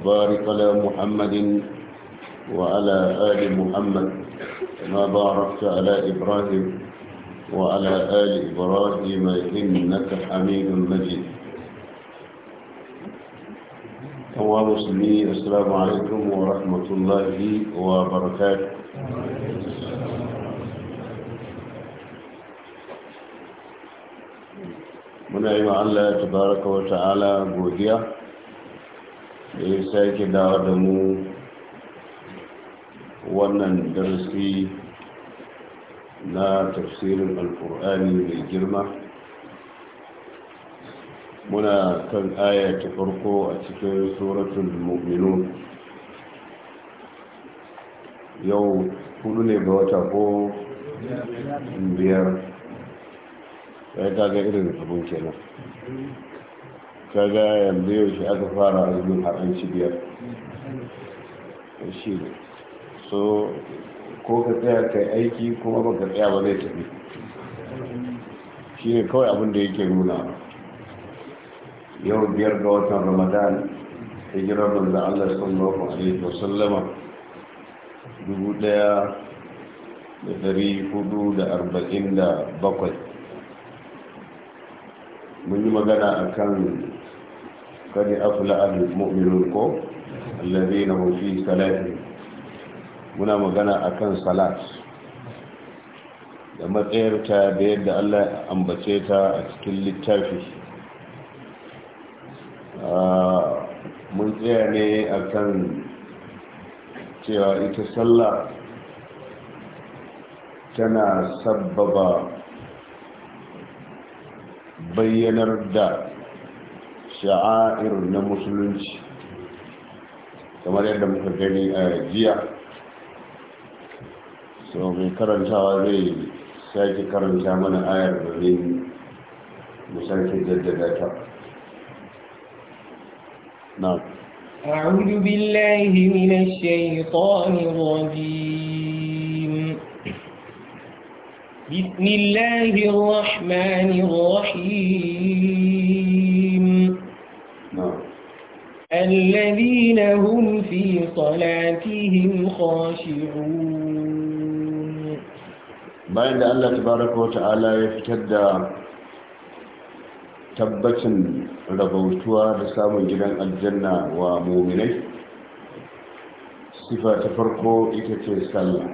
وبارك على محمد وعلى آل محمد كما باركت على إبراهيم وعلى آل إبراهيم إنك حميد مجيد أيها المسلمين السلام عليكم ورحمة الله وبركاته من أيها الله تبارك وتعالى بوديا da ya sake dawo da mu wannan darasi na tafsirin alkur'ani mai girma muna kan aya ta farko a cikin suratun Muminu. yau hudu ne ga wata ko biyar ya ta ga irin abin kenan Ka kaga yanzu yau shi aka fara azumin harin shi biyar shi ne so ko ka tsaya kai aiki kuma ba ka tsaya ba zai tafi shi ne kawai abin da yake nuna yau biyar ga watan ramadan hijirar manzan allah sallallahu alaihi wasallama dubu daya da dari hudu da arba'in da bakwai mun yi magana a akan قد أفلأ المؤمنون كو الذين هم في صلاتهم muna magana akan salat da matsayarta da yadda Allah ambace ta a cikin littafi mun tsaya ne akan cewa ita sallah tana sabbaba bayyanar da شعائر المسلمين كما يدم فتني جيا سو في كرم شعائري سيك كرم شامن آير بغين مسلسل جد جاتا نعم أعوذ بالله من الشيطان الرجيم بسم الله الرحمن الرحيم الذين هم في صلاتهم خاشعون بعد الله تبارك وتعالى يفتدى tabbacin rabautuwa da samun gidan aljanna wa muminai sifa ta farko ita ce sallah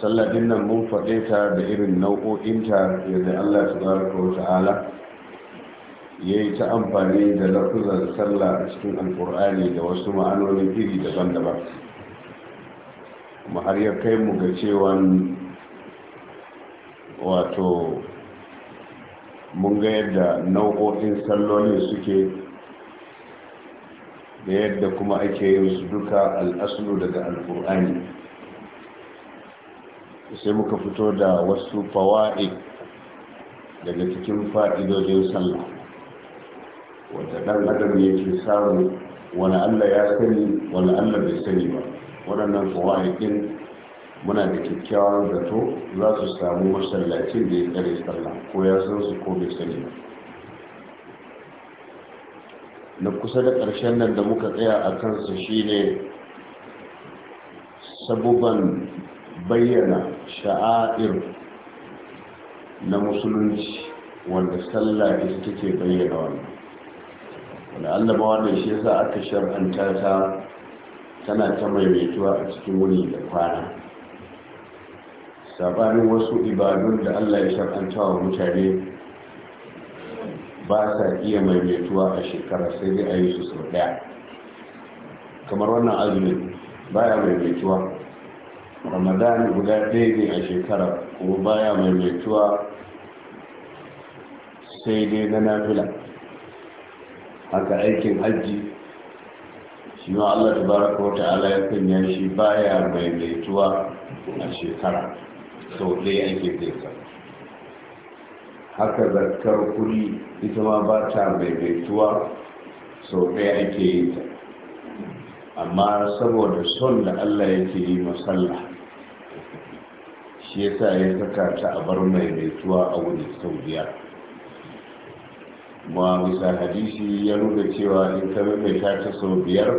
sallah nan mun faɗe ta da irin nau'o'inta yadda allah tabaraka wa ta'ala ya yi ta amfani da lafuzan sallah a cikin alkur'ani da wasu ma'anonin iri daban-daban kuma har ya kai mu ga cewa wato mun ga yadda nau'o'in sallolin suke da yadda kuma ake yin su duka al'asulu daga alkur'ani sai muka fito da wasu fawa'id daga cikin fa'idodin sallah wata ɗan ya yake samu wani allah ya sani wani allah bai sani ba waɗannan fawa'ikin muna da kyakkyawar zato za su samu masallacin da ya tsare sallah ko ya san su ko bai sani ba na kusa da ƙarshen nan da muka tsaya a kansa shine sabuban bayyana sha'a'ir na musulunci wanda sallah ita take bayyana wannan. da annabawa da shi yasa aka shar'anta ta tana ta maimaituwa a cikin wuni da kwana sabanin wasu ibadun da allah ya shar'anta wa mutane ba sa iya maimaituwa a shekara sai dai a yi su sau daya kamar wannan azumin baya maimaituwa ramadan guda ɗaya ne a shekara kuma baya maimaituwa sai dai na nafila haka aikin hajji shi ma Allah ta tabaraka wata Ala ya kunya shi baya laituwa a shekara sau ɗaya ake zai haka zarkar kuri ita ma ba ta mai laituwa sau ɗaya ake yi ta amma saboda son da Allah yake yi masalla shi yasa ya saka ta a bar laituwa a wuri sau biyar ma bisa hadisi ya nuna cewa in ka maimaita ta sau biyar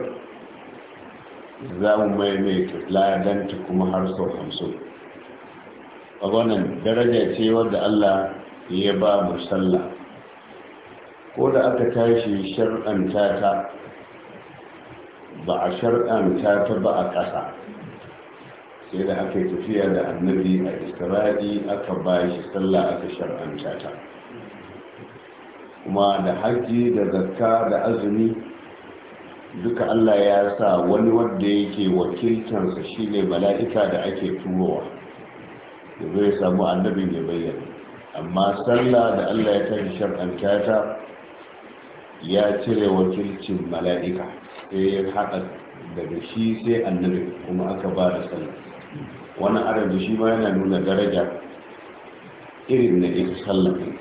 za mu maimaita ladanta kuma har sau hamsin a daraja ce wadda allah ya ba mu sallah ko da aka tashi shar'anta ta ba a shar'anta ta ba a ƙasa sai da aka yi tafiya da annabi a isra'i aka ba shi sallah aka shar'anta ta kuma da haji da zakka da azumi duka allah ya sa wani wanda yake wakiltansa shine mala'ika da ake turowa da zai samu annabin ya bayyana amma sallah da allah ya tafi shar'anta ta ya cire wakilcin mala'ika sai ya haɗa daga shi sai annabi kuma aka ba da sallah wani arabi shi ma yana nuna daraja irin na ita sallah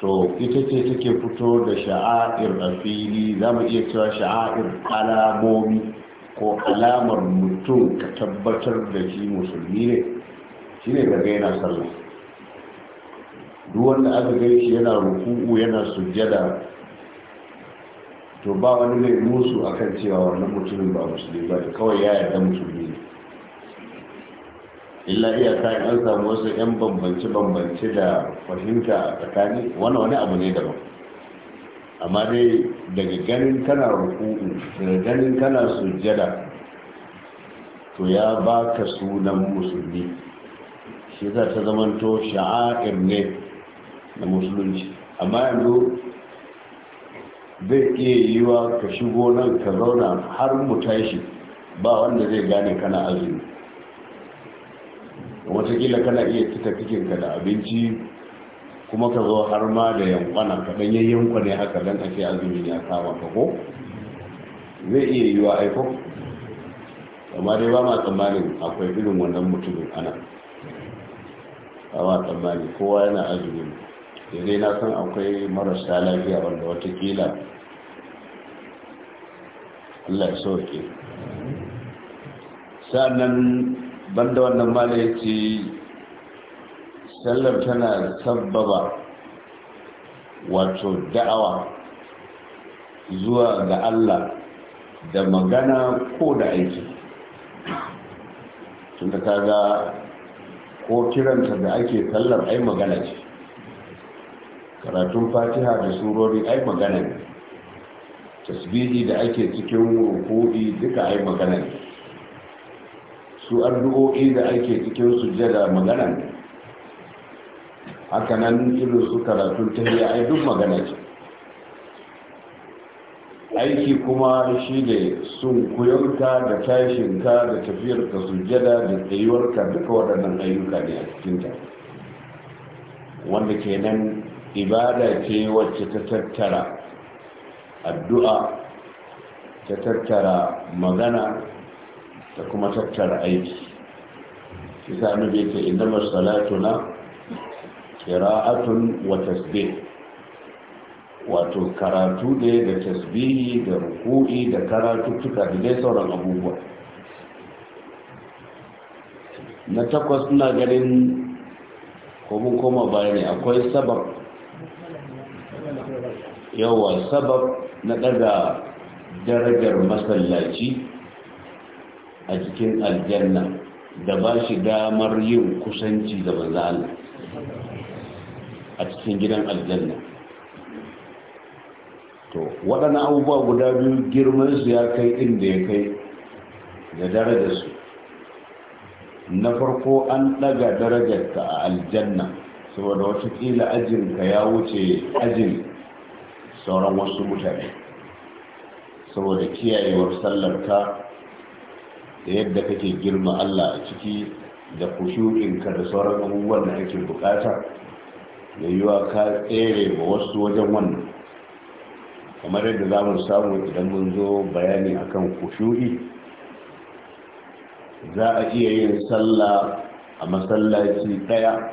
to ita ce take fito da sha'a'ir a fili za mu iya cewa sha'a'ir alamomi ko alamar mutum ka tabbatar da shi musulmi ne shi ne daga yana sallah duk aka gai shi yana ruku'u yana sujjada to ba wani mai musu a kan cewa wannan mutumin ba musulmi ba kawai ya yarda musulmi ne illa iyaka ta an samu wasu 'yan bambance-bambance da fahimta a tsakani wani wani abu ne daban amma dai daga ganin kana ruku'u daga ganin kana sujjada to ya baka sunan musulmi shi za ta zamanto sha'a'ir ne na musulunci amma yanzu zai iya yiwa ka shigo nan ka zauna har mu tashi ba wanda zai gane kana azumi watakila kana iya cika cikinka da abinci kuma ka zo har ma da yankwana ka dan yayyanka ne haka don a ce azumi ya kama ka ko zai iya yi wa aiko amma dai ba ma tsammanin akwai irin wannan mutumin ana ba ma tsammanin kowa yana azumi da dai na san akwai marasa lafiya wanda watakila Allah ya sauke nan. banda wannan mala ya ce sallar tana sabbaba wato da'awa zuwa ga Allah da magana ko da aiki tunda kaga ko kiranta da ake sallar ai magana ce karatun fatiha da surori ai magana ne tasbihi da ake cikin rukudi duka ai magana ne su addu'o'i da ake cikin sujada magana haka nan irin su karatun yi a duk magana ce aiki kuma shi ne sun kuyauta da tashinka da tafiyarka sujada da tsayuwarka duka waɗannan ayyuka ne a cikinta wanda kenan ibada ce wacce ta tattara addu'a ta tattara magana da kuma tattara aiki shi sa annabi yake innama salatuna qira'atun wa tasbih wato karatu ne da tasbihi da ruku'i da karatu tuka da dai sauran abubuwa na takwas ina ganin kuma koma bayani akwai sabab yawa sabab na daga darajar masallaci a cikin aljanna da ba shi damar yin kusanci da banza Allah a cikin gidan aljanna to waɗannan abubuwa guda biyu girman su ya kai inda ya kai da darajar su na farko an ɗaga ta a aljanna saboda ajin ka ya wuce ajin sauran wasu mutane saboda kiyayewar sallar ta. da yadda kake girma Allah a ciki da ka da sauran abubuwan da kake bukata da yiwa ka tsere ba wasu wajen wannan kamar yadda za mu samu idan mun zo bayani a akan kushuri za a iya yin sallah a masallaci ɗaya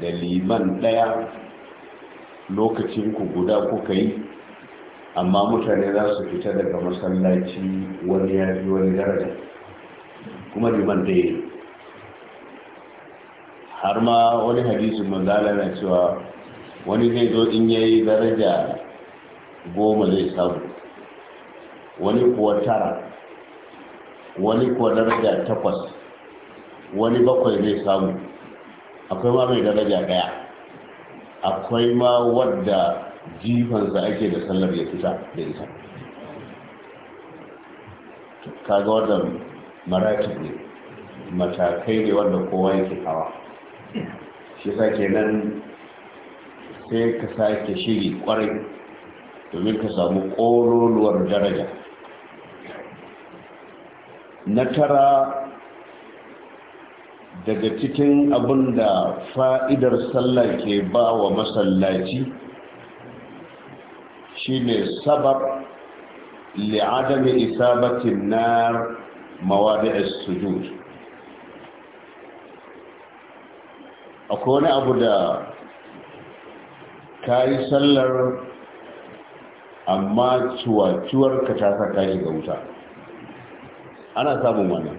da liman ɗaya, lokacin ku guda kuka yi amma mutane za su fita daga masallaci wani ya fi wani daraja kuma liman da yi har ma wani hadisi manzala na cewa wani zai zo in yayi daraja goma zai samu wani kuwa tara wani kuwa daraja takwas wani bakwai zai samu akwai ma mai daraja daya akwai ma wadda jifansa ake da sallar ya fita da ita kaga wannan maratib ne matakai ne wanda kowa yake hawa shi sa nan sai ka sake shiri kwarai domin ka samu ƙololuwar daraja na tara daga cikin abin da fa'idar sallah ke ba wa masallaci shine sabab li'adami isabati nar mawadi' as-sujud akwai wani abu da kayi sallar amma cuwacuwar ka ta saka ga wuta ana samun wannan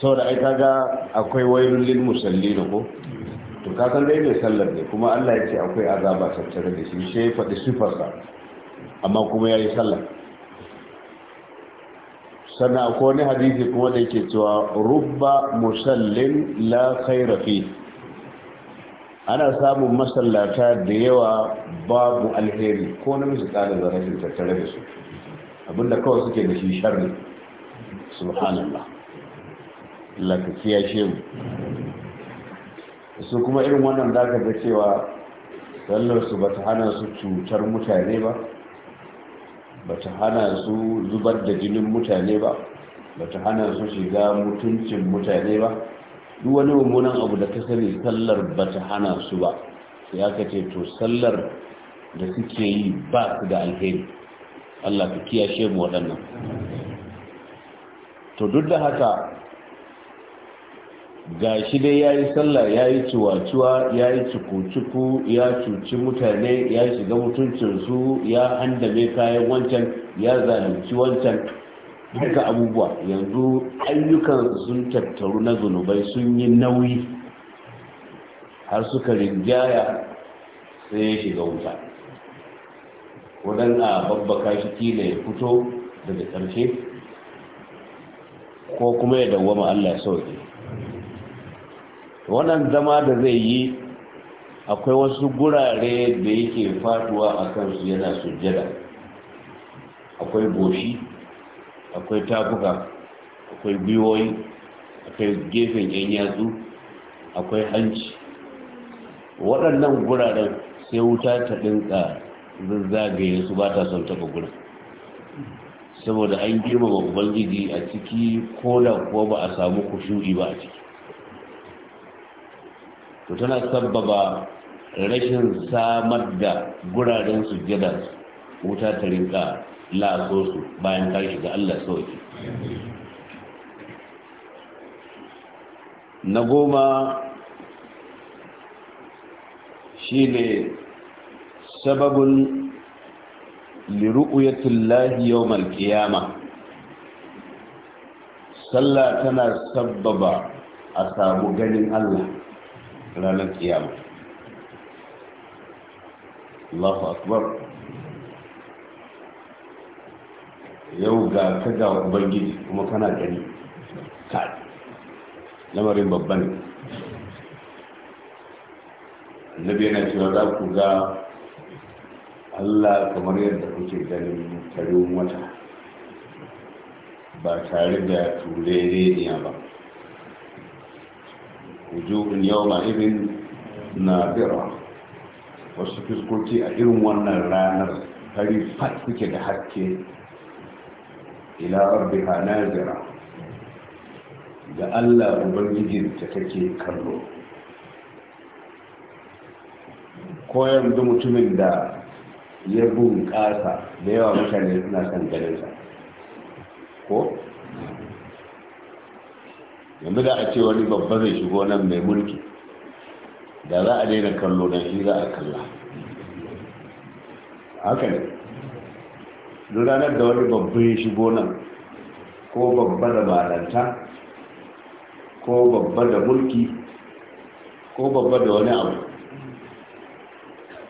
saboda ai kaga akwai wayoyin lil musallin ko to ka san dai mai sallar ne kuma Allah ya ce akwai azaba tattare da shi sai ya faɗi sifarsa amma kuma ya yi sallar sannan akwai wani hadisi kuma da yake cewa rubba musallin la khaira ana samun masallata da yawa babu alheri ko na musu tsada rashin tattare da su abinda kawai suke da shi sharri subhanallah Allah ka mu su kuma irin wannan za ka ga cewa sallarsu ba ta hana su cutar mutane ba ba ta hana su zubar da jinin mutane ba ba ta hana su shiga mutuncin mutane ba duk wani mummunan abu da ka sani sallar ba ta hana su ba ya ka ce to sallar da suke yi ba su da alheri Allah ka kiyashe mu waɗannan to duk da haka ga shi dai ya yi sallah ya yi ciwaciwa ya yi cuku-cuku, ya cuci mutane ya shiga mutuncinsu ya handame kayan wancan ya zalunci wancan duka abubuwa yanzu ayyukan sun tattaru na zunubai sun yi nauyi har suka rinjaya sai ya shiga wuta waɗanda babbaka shi kila ya fito daga ƙarshe ko kuma ya dawwama allah sauke wannan zama da zai yi akwai wasu gurare da yake faduwa a kansu yana sujjada akwai goshi akwai tafuka akwai gwiwoyi akwai gefen yan yatsu akwai hanci waɗannan guraren sai wuta ta ɗinka zazzagaye su ba ta son taɓa gurin saboda an girmama ubangiji a ciki ko da kuwa ba a samu kushuri ba a ciki to tana sabbaba rashin samar da guraren sujjada wuta ta rinka laso su bayan ta shiga Allah sauki na goma shi shine sababin liruuyatun lahi yawmal qiyamah sallah tana sabbaba a samu ganin Allah ranar kiyama Allahu akbar yau ga ka ga ubangiji kuma kana gani ka lamarin babban annabi yana cewa za ku ga Allah kamar yadda kuke ganin tarin wata ba tare da ne ba wujuhun yawma idin nadira wasu fiskoki a irin wannan ranar fari fat kuke da haske ila rabbiha nazira ga Allah ubangijin ta take kallo ko yanzu mutumin da ya bunƙasa da yawa mutane suna son ganin sa ko yanzu da a ce wani babba zai shigo nan mai mulki da za a daina kallo don shi za a kalla haka ne duk ranar da wani babba ya shigo nan ko babba da balanta ko babba da mulki ko babba da wani abu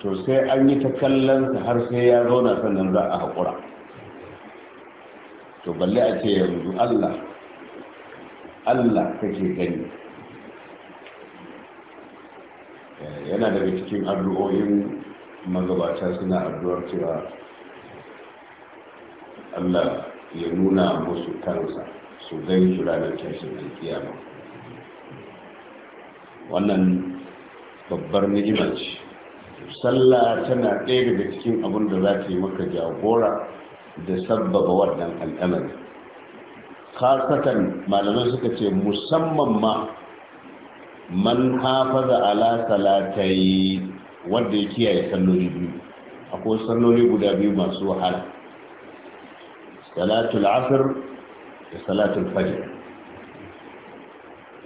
to sai an yi ta kallon ta har sai ya zauna sannan za a haƙura to balle a ce yanzu allah Allah kake gani yana daga cikin addu'o'in magabata suna addu'ar cewa Allah ya nuna musu kansa su gani shi ranar tashin alkiyama wannan babbar ni'imaci sallah tana ɗaya daga cikin abin da za ta yi maka jagora da sabbaba wannan al'amari khasatan malamai suka ce musamman ma man hafaza ala salatai wanda ya kiyaye salloli biyu akwai salloli guda biyu masu wahala salatul asr da salatul fajr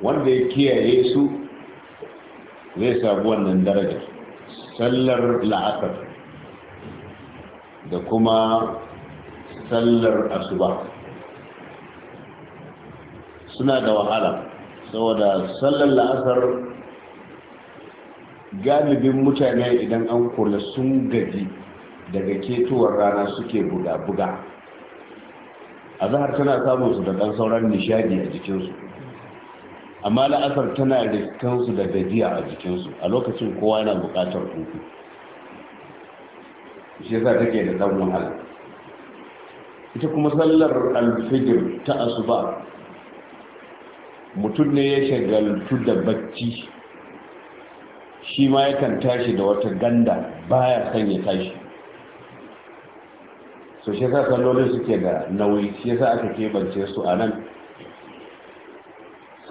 wanda ya kiyaye su zai sabu wannan daraja sallar la'asar da kuma sallar asuba suna da wahala saboda sallar la'asar galibin mutane idan an kula sun gaji daga ketowar rana suke buga-buga a zahar tana samun su da ɗan sauran nishadi a jikinsu amma la'asar tana kansu da gajiya a jikinsu a lokacin kowa yana buƙatar hutu shi yasa take da ɗan wahala ita kuma sallar alfijir ta asuba mutum ne ya shagaltu da bacci shi ma yakan tashi da wata ganda baya son ya tashi so shi yasa sallolin suke da nauyi shi yasa aka kebance su a nan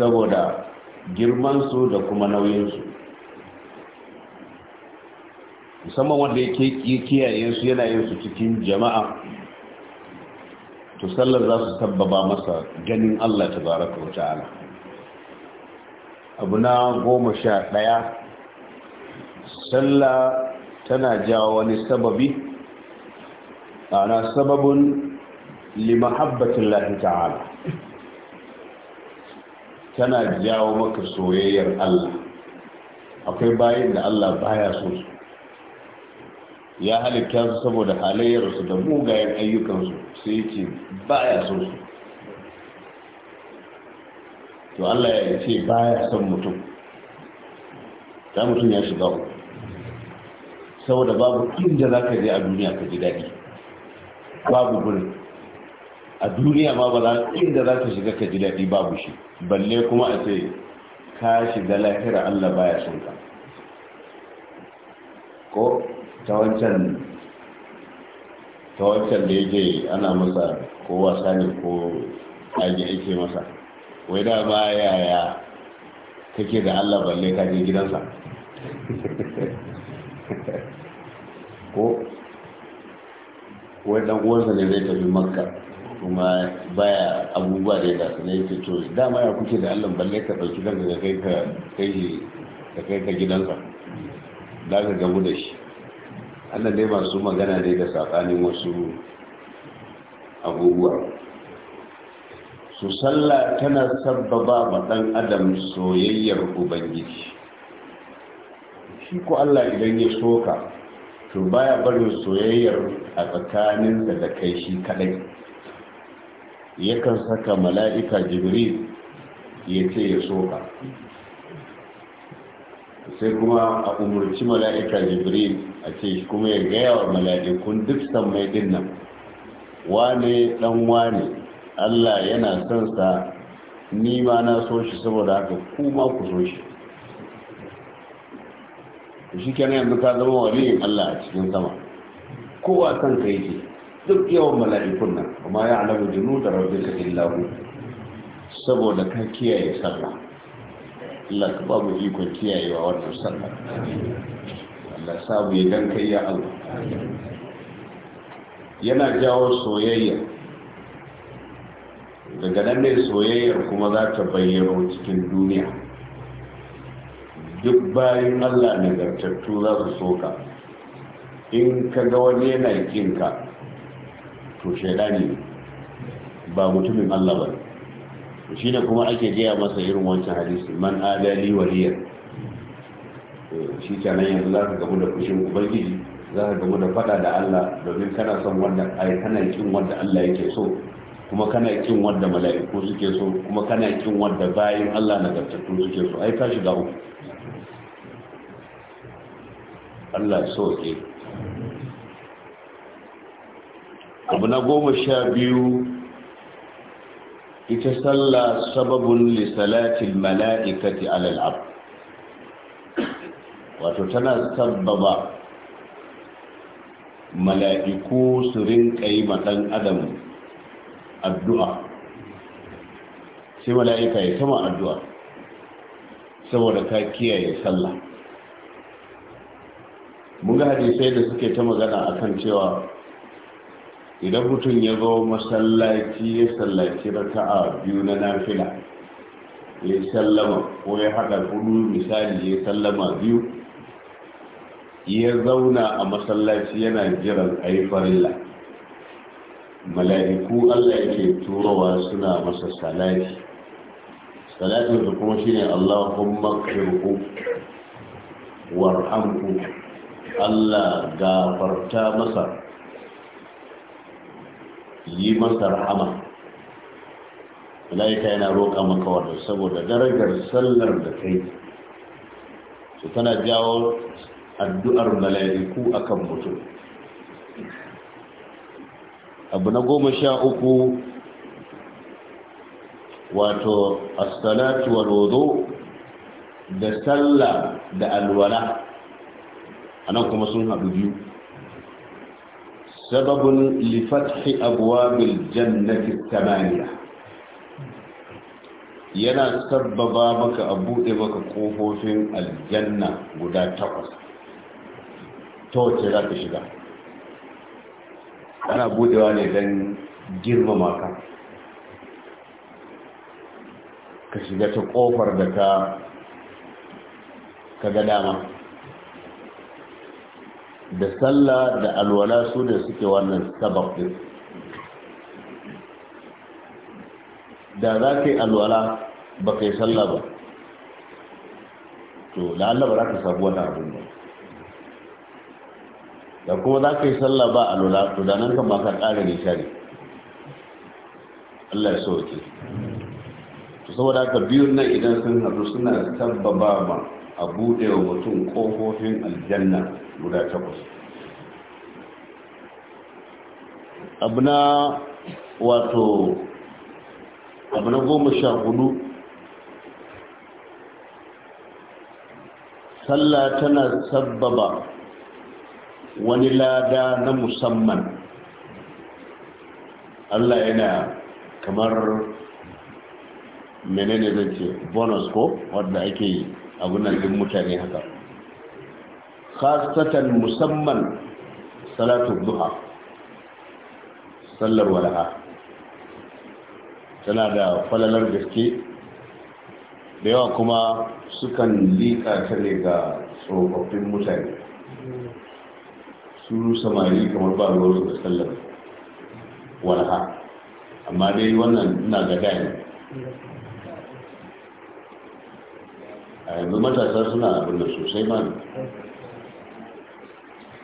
saboda girmansu da kuma nauyinsu musamman wanda ya kiyaye su yana yin su cikin jama'a to sallar za su sabbaba masa ganin Allah tabaraka wa ta'ala abu na goma sha ɗaya sallah tana jawo wani sababi ana sababin limahabbatin lahi ta'ala tana jawo maka soyayyar Allah akwai bayan da Allah baya so su ya halitta su saboda halayyarsu da mugayen ayyukansu sai ce baya so su to Allah ya ce baya son mutum ta mutum ya shiga ku. saboda babu inda za ka je a duniya ka ji daɗi babu gurin a duniya ma ba za inda za ka shiga ka ji daɗi babu shi balle kuma a ce ka shiga lahira Allah baya son ka ko ta wancan ta wancan da yake ana masa ko wasa ne ko aji ake masa wai da ba yaya kake da Allah balle ka je gidansa ko wai dan uwansa ne zai tafi makka kuma baya abubuwa da ya gasa ne yake to dama ya kuke da Allah balle ka dauki kanka da kai ka kai ka kai ka gidansa da ka gabu da shi Allah dai masu magana ne da sabanin wasu abubuwa su sallah tana sabbaba ba dan adam soyayyar ubangiji shi ko Allah idan ya soka to baya barin soyayyar a tsakanin da da kai shi kadai yakan saka mala'ika jibril ya ce ya soka sai kuma a umarci mala'ika jibril a ce kuma ya gaya wa mala'ikun duk san mai wane dan wane Allah yana son sa ni ma na so shi saboda haka kuma ku so shi shi kenan yanzu ka zama waliyin Allah a cikin sama kowa ka yake duk yawan mala'ikun nan amma ya alamu jinu da rabbi ka illahu saboda ka kiyaye sallah Allah ka ba mu ikon kiyayewa wannan sallah Allah sabu ya kai ya Allah yana jawo soyayya daga nan ne soyayyar kuma za ta bayyano cikin duniya duk bayan allah nagartattu za su soka in ka ga wani yana kinka to shaidani ba mutumin allah ba shi ne kuma ake gaya masa irin wancan hadisi man adali waliyar eh, shi kenan yanzu za ka gamu da fushin ubangiji za ka gamu da fada da allah domin kana son wanda ai kana wanda allah yake so kuma kana kin wanda mala'iku suke so kuma kana kin wanda bayin Allah na nagartattu suke so ai ka shiga uku Allah so ke abu na goma sha biyu ita sallah sababun li salatil mala'ikati alal abd wato tana sabbaba mala'iku su rinka yi ma dan adam addu'a sai mala'ika ya sama addu'a saboda ka kiyaye sallah mun ga hadisai da suke ta magana akan cewa idan mutum ya zo masallaci ya sallaci raka'a biyu na nafila ya sallama ko ya haɗa hudu misali ya sallama biyu ya zauna a masallaci yana jiran a yi farilla mala'iku Allah yake turowa suna masa salati salatin su kuma shine Allahumma qirku warhamku Allah gafarta masa yi masa rahama mala'ika yana roƙa maka wadda saboda darajar sallar da kai su tana jawo addu'ar mala'iku akan mutum abu na goma sha uku wato assalatu wa da sallah da alwala nan kuma sun haɗu biyu sababin li abuwa bil jannatin tamaniya yana sabbaba maka a buɗe maka ƙofofin aljanna guda takwas ta wacce za ka shiga ana budewa ne don girmama ka ka shiga ta kofar da ka ka ga dama da sallah da alwala su ne suke wannan sabab din da za ka yi alwala ba ka yi sallah ba to la'alla ba za ka sabu wani abin ba da kuma za ka yi sallah ba a lula to da nan kan ka ƙara ne shari Allah ya so ke to saboda haka biyun nan idan sun haɗu suna tabbaba ma a buɗe wa mutum ƙofofin aljanna guda takwas abu na wato abu na goma sha hudu sallah tana sabbaba wani lada na musamman Allah yana kamar menene zan ce bonus ko wadda ake yi a din mutane haka khasatan musamman salatu duha sallar Wala'a, tana da falalar gaske da yawa kuma sukan liƙa ta ne ga tsofaffin mutane su samari kamar ba ruwan da sallar walha amma dai wannan ina ga gani a yanzu matasa suna abin da sosai ma ne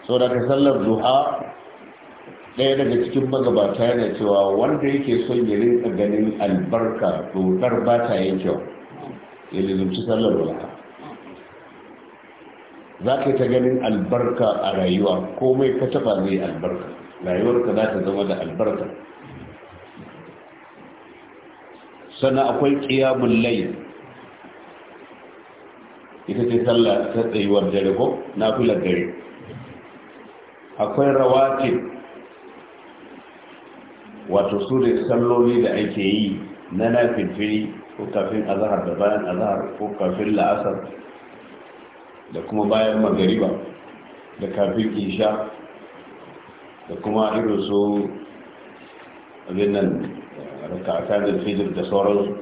sau da ka sallar zuha, ɗaya daga cikin magabata yana cewa wanda yake son ya rinka ganin albarka dokar ba ta yin kyau ya lizumci sallar walha za ka ta ganin albarka a rayuwa komai ka taba zai albarka rayuwarka za ta zama da albarka sannan akwai ƙiyamun lai ita ce sallah ta tsayuwar dare ko na filar dare akwai rawatin wato su ne salloli da ake yi na nafin fili ko kafin azahar da bayan azahar ko kafin la'asar da kuma bayan magariba da kafin isha da kuma irin su abin nan rakata da fijir da sauransu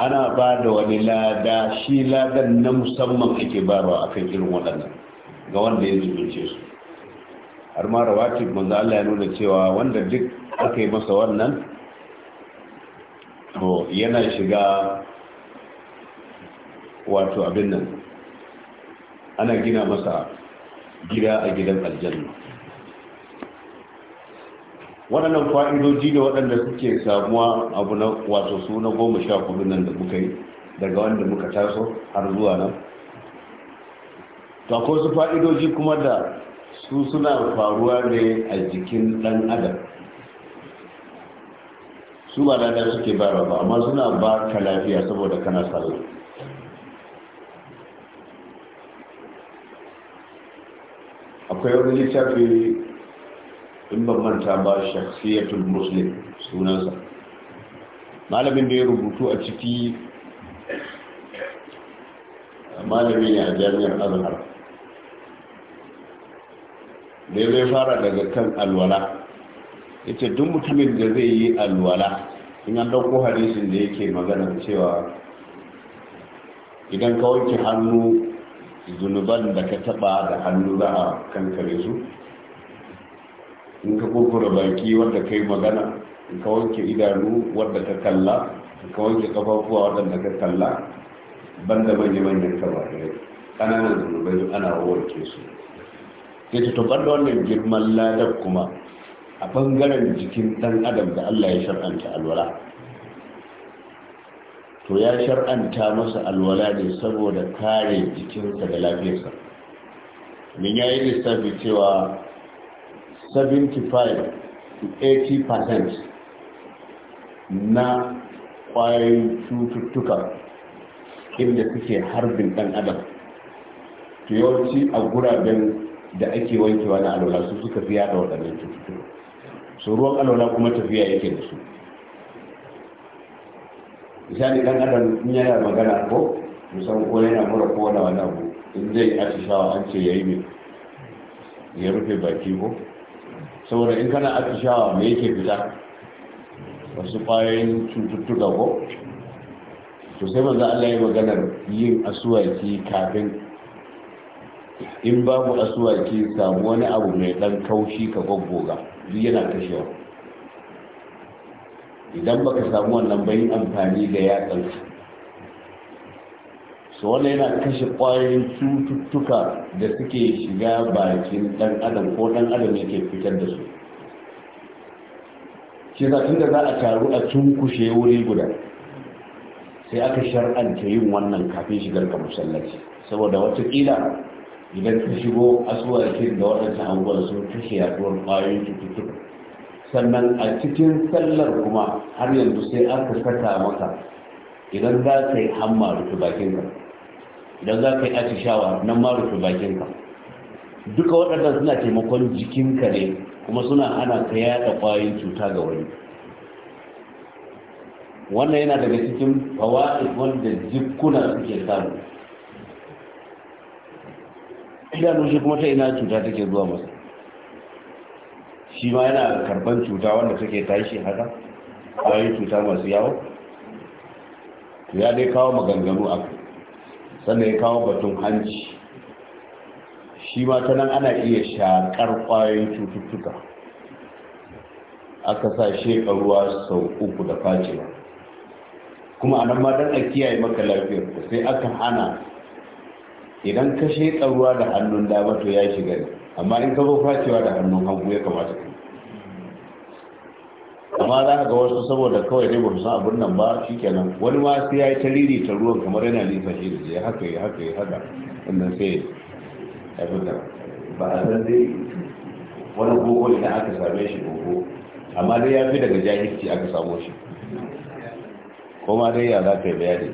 ana ba da wani lada shi ladan na musamman ake barwa a kan irin waɗannan ga wanda ya zubince su har ma rawaki manzo Allah ya nuna cewa wanda duk aka yi masa wannan yana shiga wato abin nan ana gina masa gida a gidan aljanna waɗannan fa'idoji da waɗanda suke samuwa abu na wato su na goma sha kudu nan da muka yi daga wanda muka taso har zuwa nan ta su fa'idoji kuma da su suna faruwa ne a jikin ɗan adam su ba da suke ba amma suna ba ka lafiya saboda kana salo akwai wani littafi in ban ba shakhsiyatul muslim sunansa malamin da ya rubutu a ciki malami ne a jami'ar azhar da ya fara daga kan alwala ita duk mutumin da zai yi alwala in an dauko hadisin da yake magana cewa idan ka wanke hannu zunuban da ka taba da hannu za a kankare su in ka kukura baki wanda ka yi magana in ka wanke idanu wanda ka kalla in ka wanke kafafuwa wadda ka kalla da manya-manyan kama yau ƙananan zunubai ana warke su ya ce tubar da wannan girman ladar kuma a bangaren jikin ɗan adam da allah ya shar'anta alwala to ya shar'anta masa alwala ne saboda kare jikinsa da lafiyarsa min ya yi lissafi cewa 75-80% na ƙwayoyin cututtuka inda suke harbin ɗan adam to yawanci a guraben da ake wankewa na alwala su suka fiya da waɗannan cututtuka su ruwan alwala kuma tafiya yake da su misali dan adam in yana magana ko musamman ko yana mura ko wani wani abu in zai atishawa an ce ya yi ne ya rufe baki ko saboda in kana atishawa me yake fita wasu kwayoyin cututtuka ko to sai manzo Allah ya maganar yin asuwaki kafin in babu asuwaki samu wani abu mai dan kaushi ka goggoga duk yana kashewa idan baka samu wannan bayin amfani da yatsansu su wannan yana kashe kwayoyin cututtuka da suke shiga bakin dan adam ko dan adam yake fitar da su shi za tun da za a taru a cunkushe wuri guda sai aka shar'anta yin wannan kafin shigar ka musallaci saboda wata ƙila idan ka shigo asuwarkin da waɗansu abubuwan sun kashe yaduwar kwayoyin cututtuka sannan a cikin sallar kuma har yanzu sai aka saka maka idan za ka yi hamma rufe bakinka idan za ka yi atishawa nan ma rufe bakinka duka waɗannan suna taimakon jikinka ne kuma suna hana ka yaɗa ƙwayoyin cuta ga wani wannan yana daga cikin fawa'id wanda jikuna suke samu idanu shi kuma ta ina cuta take zuwa masa shi ma yana karban cuta wanda suke tashi haka ƙwayoyin cuta masu yawo ya dai kawo maganganu a kai sannan ya kawo batun hanci shi ma ta nan ana iya shakar ƙwayoyin cututtuka aka sa shekaruwa sau uku da facewa kuma a nan ma don a kiyaye maka lafiyar sai aka hana idan ka shekaruwa da hannun dama to ya shiga ne amma in ka zo facewa da hannun hagu ya kamata ka amma za ka ga wasu saboda kawai dai ba san abin nan ba shi nan wani ma sai ya yi ta riri ta ruwan kamar yana nisa shi da je haka ya haka ya haka inda sai ya fita ba a san dai wani gogo idan aka same shi gogo amma dai ya fi daga jahilci aka samo shi kuma dai ya za ka yi bayani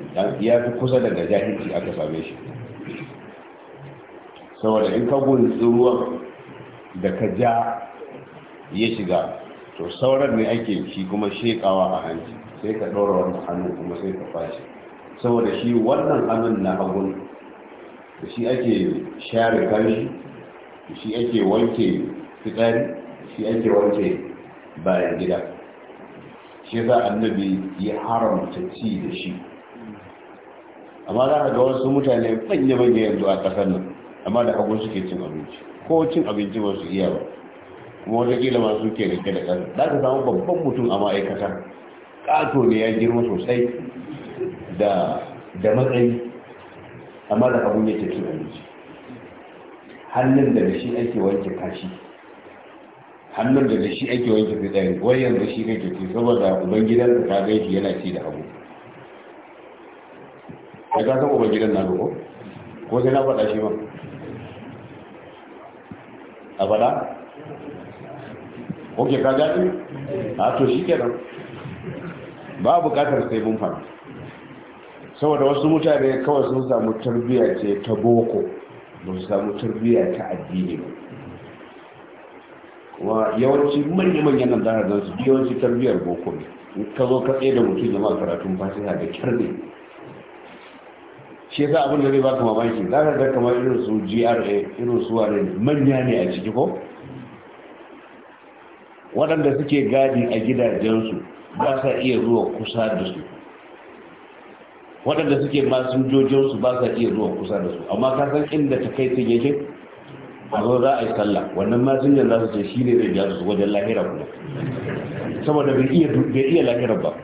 ya fi kusa daga jahilci aka same shi saboda in ka gunsu ruwan da ka ja ya shiga to sauran ne ake ci kuma shekawa a hanci sai ka ɗora wani hannu kuma sai ka fashi saboda shi wannan hannun na hagun da shi ake share kanshi da shi ake wanke fitsari da shi ake wanke bayan gida shi za annabi ya haramta ci da shi amma za ka ga wasu mutane manya-manya yanzu a ƙasar nan amma da hagun suke cin abinci ko cin abinci ba iya ba kuma ma su ke rike da kasa za ka samu babban mutum a ma'aikata ƙato ne ya girma sosai da matsayi amma da abin yake cin abinci hannun da da shi ake wanke kashi hannun da da shi ake wanke fitsari wai yanzu shi kake ce saboda ubangidanka ka gaishi yana ci da abu a ka san ubangidan na roƙo ko sai na faɗa shi ma a faɗa ok ka gaji a to shi kenan ba bukatar sai mun fara saboda wasu mutane kawai sun samu tarbiyya ce ta boko ba su samu tarbiyya ta addini ba kuma yawanci manya-manyan nan zara zan su yawanci tarbiyyar boko ne in ka zo ka tsaye da mutum jama'a karatun fasiha da kyar ne shi yasa abin da zai baka mamaki za ka ga kamar irin su gra irin su wane manya ne a ciki ko waɗanda suke gadi a gidajensu ba sa iya zuwa kusa da su waɗanda suke masinjojinsu ba sa iya zuwa kusa da su amma ka san inda ta kai sun yake a zo za a yi sallah wannan masinjan za su ce shi ne zai biya su wajen lahira kuma saboda bai iya lahira ba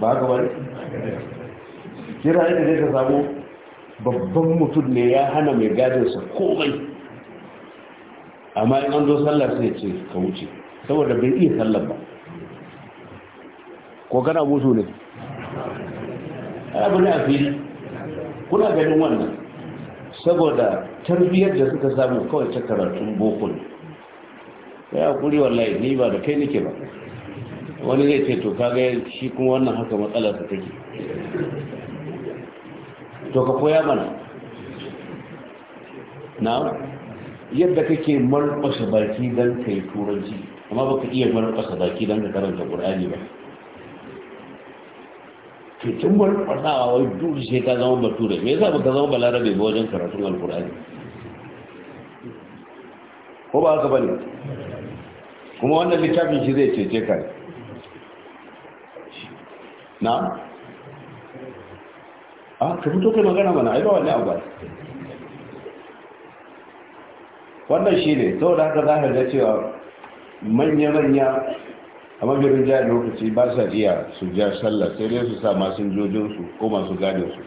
ba ga wani kira inda zai ka samu babban mutum ne ya hana mai gadinsa komai amma in an zo sallah sai ce ka wuce saboda bai iya sallar ba ko kana musu ne abu ne fili kuna ganin wannan saboda tarbiyyar da suka samu kawai ta karatun boko ne ya hakuri wallahi ni ba da kai nake ba wani zai ce to kaga shi kuma wannan haka matsala ta take to ka koya mana na'am yadda kake marƙasa baki don ka yi turanci amma ba ka iya marƙasa baki don ka karanta ƙur'ani ba marƙasa a wani duk sai ka zama bature me yasa baka zama balarabe ba wajen karatun alƙur'ani ko ba haka bane kuma wannan littafin shi zai cece ka na a ah, ka fito kai magana mana ai ba wani abu wannan shi ne sau da haka za ka ga cewa manya-manya a mabirin jihar lokaci ba sa iya su ja sallah sai dai su sa masu jojinsu ko masu gadinsu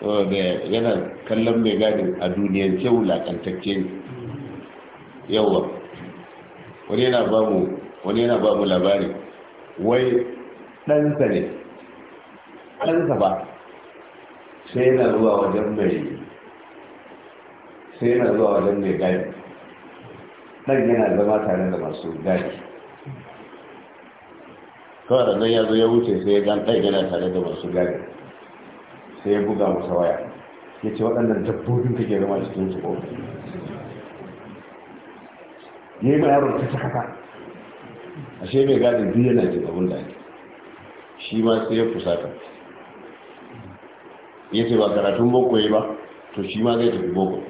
da yana kallon mai gadin a duniyar kyau lakantacce ne yawa wani yana ba mu wani yana ba mu labari wai ɗansa ne ɗansa ba sai yana zuwa wajen mai sai yana zuwa wajen mai gadi nan yana zama tare da masu gadi kawai da zai ya zo ya wuce sai ya gan yana tare da masu gadi sai ya buga masa waya ya ce waɗannan dabbobin kake zama cikin su ko ya yi ma yaron ta haka ashe mai gadin duk yana jin abin da ake shi ma sai ya fusata ya ce ba karatun boko ba to shi ma zai tafi boko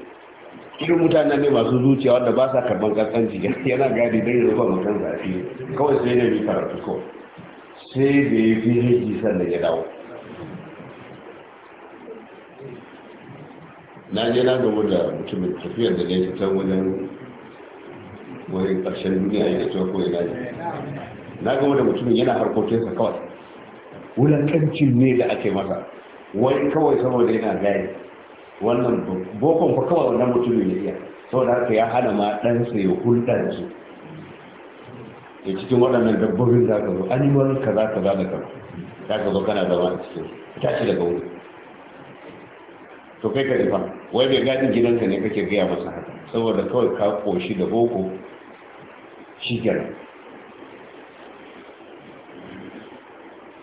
cikin mutane ne masu zuciya wanda ba sa karban kaskanci yana gadi don rufa mutum zafi kawai sai ne bi karatu ko sai da ya fi hiji sannan ya dawo na je na gaba da mutumin tafiyar da ya fitan wajen wani ƙarshen duniya ya ce ko ina ne na gaba da mutumin yana harkokinsa kawai wulaƙancin ne da ake masa wani kawai saboda yana gaya wannan bokon fa kawai wannan mutumin ya iya saboda haka ya hana ma ɗansa ya hulɗa da su ya cikin waɗannan dabbobin za ka zo animal ka za ka za da kan za ka zo kana zama a cikin ce daga wuri to kai ka fa, wai bai gadin gidanka ne kake gaya masa haka saboda kawai ka koshi da boko shi kenan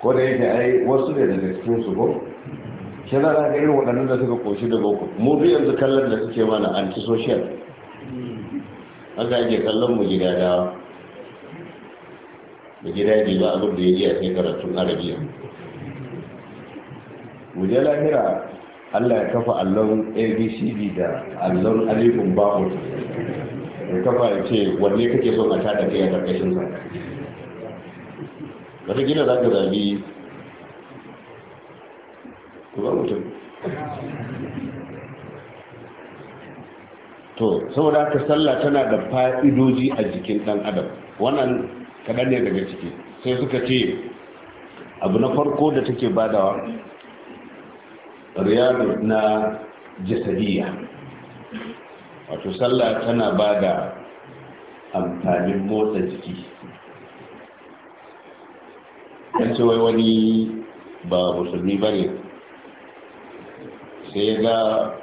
ko da yake ai wasu da daga cikin su ko Sai za ga irin waɗannan da suka koshi da boko mu bi yanzu kallon da suke mana antisocial haka ake kallon mu gida dawa da gida ji ba abin da ya iya sai karatun arabiya wuje lahira allah ya kafa allon abcd da allon alifin babu ya kafa ya ce wanne kake son a tada kai a karkashin sa wata gina za ka zabi to saboda haka sallah tana da fa'idoji a jikin dan adam wannan kaɗan ne daga ciki sai suka ce abu na farko da take badawa riyadu na jasadiyya wato sallah tana bada amfanin motsa jiki an ce wai wani ba musulmi ba ne sai ya ga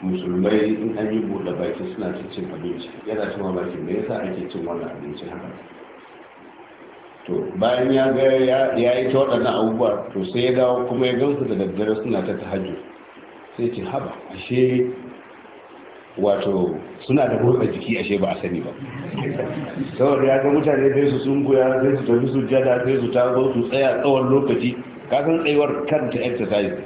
musulmai in an yi buɗe baki suna cin abinci yana cin mamaki me yasa ake cin wannan abinci haka to bayan ya ga ya yi ta waɗannan abubuwa to sai ya dawo kuma ya gansu da daddare suna ta hajji sai ce haba ashe wato suna da motsa jiki ashe ba a sani ba saboda ya ga mutane sai su sunguya sai su tafi su jada sai su tago su tsaya tsawon lokaci kasan tsayuwar kanta exercise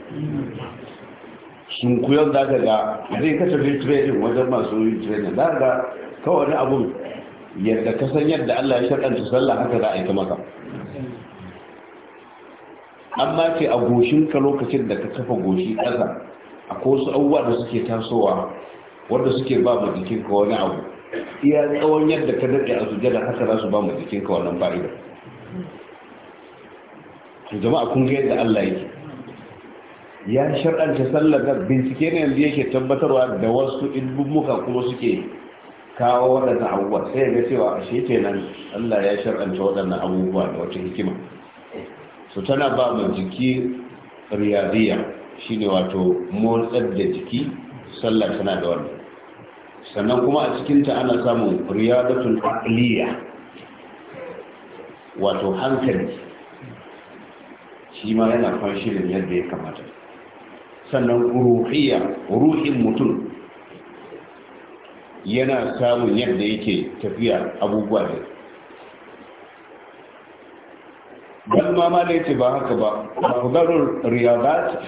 sun za ka ga zai kasafin trading wajen masu yin trading daga ga kawai abun yadda ka san yadda Allah ya shaɗanta sallah haka za a yi ta maka amma ce a goshin ka lokacin da ka kafa goshi ƙasa a kosu abubuwa da suke tasowa wanda suke ba mu jikinka wani abu iya tsawon yadda ka daɗe a sujada haka za su ba mu jikinka wannan fa'ida jama'a kun ga yadda Allah yake ya shar'anta sallar bincike ne yanzu yake tabbatarwa da wasu ilmummuka kuma suke kawo waɗannan abubuwa sai ga cewa a shi kenan Allah ya shar'anta waɗannan abubuwa da wata hikima Su tana ba mu jiki riyadiya shine wato motsar da jiki sallar tana da wannan sannan kuma a cikinta ana samun riyadatun aqliya wato hankali shi ma yana kwanshi da yadda ya kamata sannan ruhiyya ruhin mutum yana samun yadda yake tafiya abubuwa ne. ban mama da ba haka ba mahbarul riyadat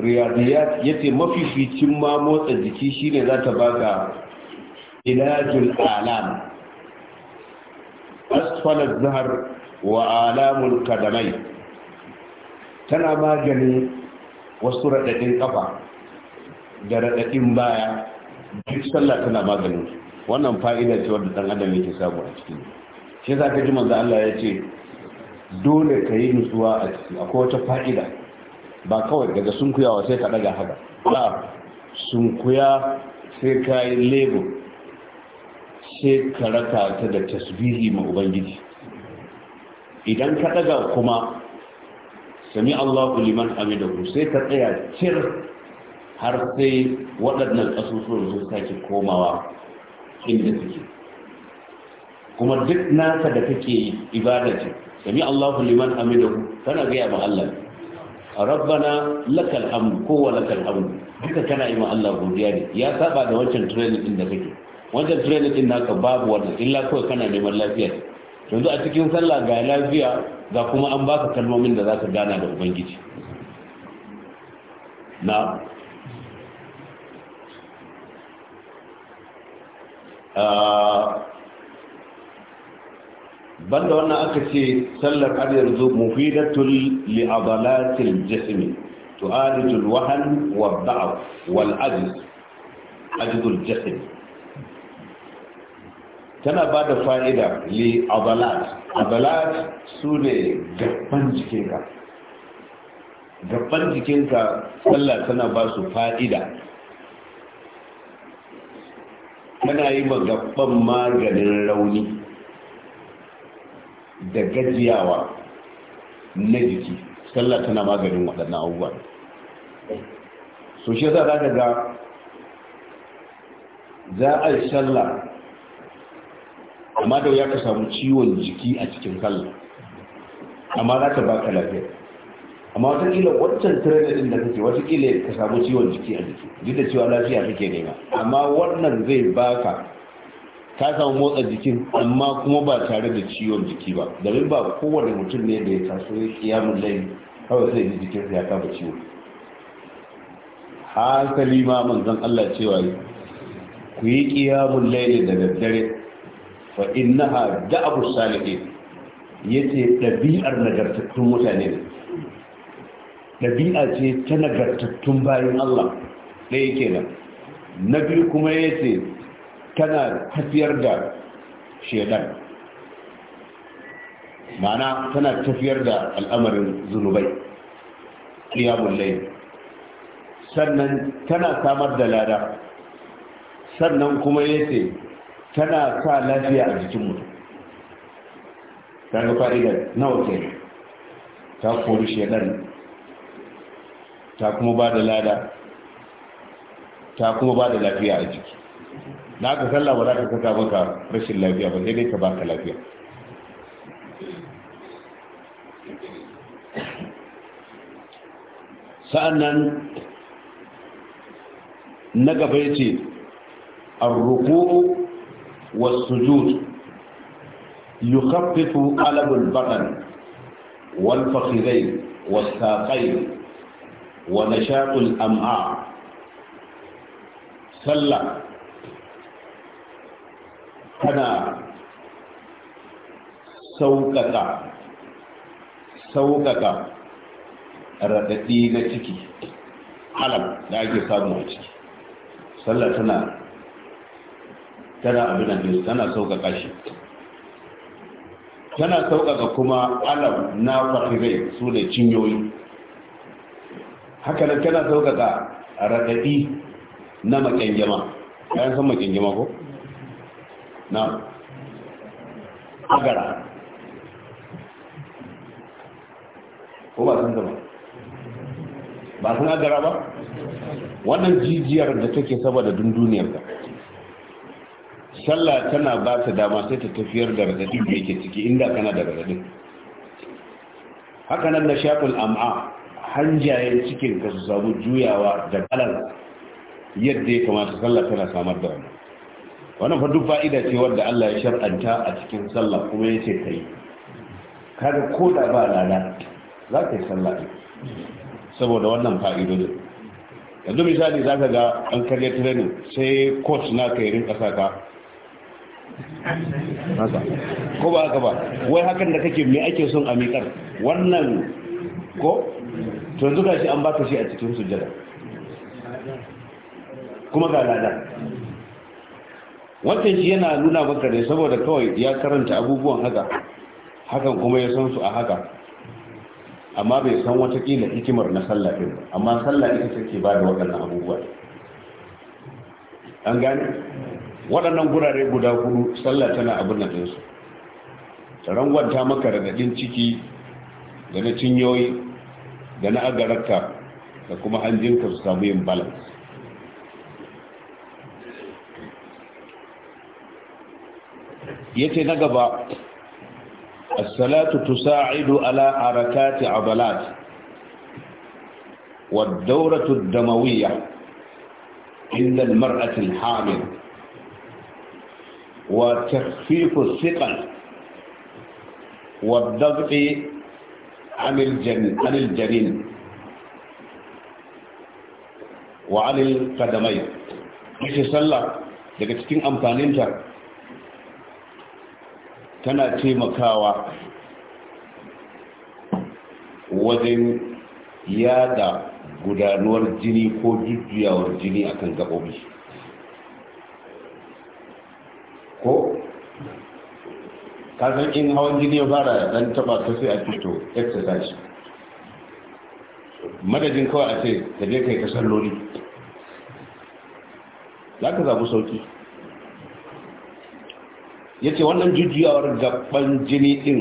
riyadiyat yace mafificin ma motsa jiki shine za ta baka ilajul alam asfalar zahar wa alamul kadamai tana maganin wasu raɗaɗin ƙafa da raɗaɗin baya duk sallah tana maganin wannan fa'ida ce wadda ɗan adam yake samu a ciki shi za ka ji manzo Allah ya ce dole ka yi nutsuwa a ciki a wata fa'ida ba kawai daga sunkuyawa sai ka ɗaga haka ba sunkuya sai ka yi lebo sai ka raka ta da tasbihi ma ubangiji idan ka ɗaga kuma sami Allahu liman hamidahu sai ta tsaya cir har sai waɗannan ƙasusuwan sun sake komawa inda suke kuma duk nasa da kake ibada ce sami Allahu liman hamidahu tana gaya ma Allah rabbana lakal hamd ko wa lakal hamd duka kana yi ma Allah godiya ne ya saba da wancan training din da kake wancan training din naka babu wannan illa kawai kana neman lafiya yanzu a cikin sallah ga lafiya ga kuma an baka kalmomin da za ka gana da ubangiji na banda wannan aka ce sallar har yanzu mufidatul li adalatil to tu'alijul wahan wa da'af wal ajiz ajizul tana ba da fa'ida li abalat abalat su ne gaban jikinka gaban jikinka sallah tana ba su fa'ida tana yi ma gaban maganin rauni da gajiyawa na jiki sallah tana maganin waɗannan abubuwan so shi za ka ga za a yi sallah amma da ya ka samu ciwon jiki a cikin kalla. amma za ta baka lafiya amma wata kila wancan trainer din da kake wata kila ka samu ciwon jiki a jiki duk da cewa lafiya kake nema amma wannan zai baka ka samu motsa jikin amma kuma ba tare da ciwon jiki ba domin ba kowane mutum ne da ya taso ya kiyamun lai kawai sai jikin ya kama ciwo hankali ma manzon Allah cewa ku yi kiyamun laili da daddare fa innaha da'abu ya ce ɗabi'ar nagartattun mutane ne dabi'a ce ta nagartattun bayan Allah ɗaya kenan na biyu kuma ya ce tana tafiyar da shedan ma'ana tana tafiyar da al'amarin zunubai qiyamul layl sannan tana samar da lada sannan kuma ya ce. tana sa lafiya a jikin mutum ta ga fa'idar nawa ke ta kori shaidan ta kuma ba da lada ta kuma ba da lafiya a jiki na ka sallah ba za ka saka maka rashin lafiya ba zai ka baka lafiya nan na gaba ya ce roƙo. والسجود يخفف قلب البطن والفخذين والساقين ونشاط الأمعاء صلى tana sauƙaƙa sauƙaƙa raɗaɗi na ciki halam da ake samu a ciki sallah tana tana abin da tana sauƙaƙa shi tana sauƙaƙa kuma alam na fakirai su ne cinyoyi nan tana sauƙaƙa raɗaɗi na makyangyama kayan san makyangyama ko? na agara ko ba san zama ba san agara ba wannan jijiyar da take saboda dunduniyar ka sallah tana ba ta dama sai ta tafiyar da radadin da yake ciki inda kana da radadin haka nan na shafin am'a hanjayen cikin ka su samu juyawa da balal yadda ya kamata sallah tana samar da wani wannan fa duk fa'ida ce wanda Allah ya shar'anta a cikin sallah kuma ya ce kai Kada ko da ba lada za ka yi sallah saboda wannan fa'idodin yanzu misali za ka ga an karya training sai coach na ka yi rinka ka. haka ko ba haka ba wai hakan da kake me ake son a wannan ko to yanzu shi an bata shi a cikin sujjada kuma ga lada wancan shi yana nuna baka ne saboda kawai ya karanta abubuwan haka hakan kuma ya san su a haka amma bai san wata ƙila hikimar na sallah ɗin amma sallah ita take ba da waɗannan abubuwa an gane waɗannan gurare guda hudu sallah tana abin da ɗinsu rangwanta maka raɗaɗin ciki da na cinyoyi da na agararka da kuma hanjinka su samu yin balance ya ce na gaba assalatu tusa'idu ala harakati abalat wa dauratu damawiyya inda mar'atin hamil وتخفيف الثقل والضغط عن الجن الجنين وعن القدمين yake sallah daga cikin amfaninta tana taimakawa wajen yada gudanuwar jini ko jujjuyawar jini akan gaɓoɓi ko kasan in hawan jini ya fara dan taba ta sai a fito exercise madadin kawai a ce da je kai ka lori za ka zaɓi sauki ya ce wannan jujjuyawar gaban jini ɗin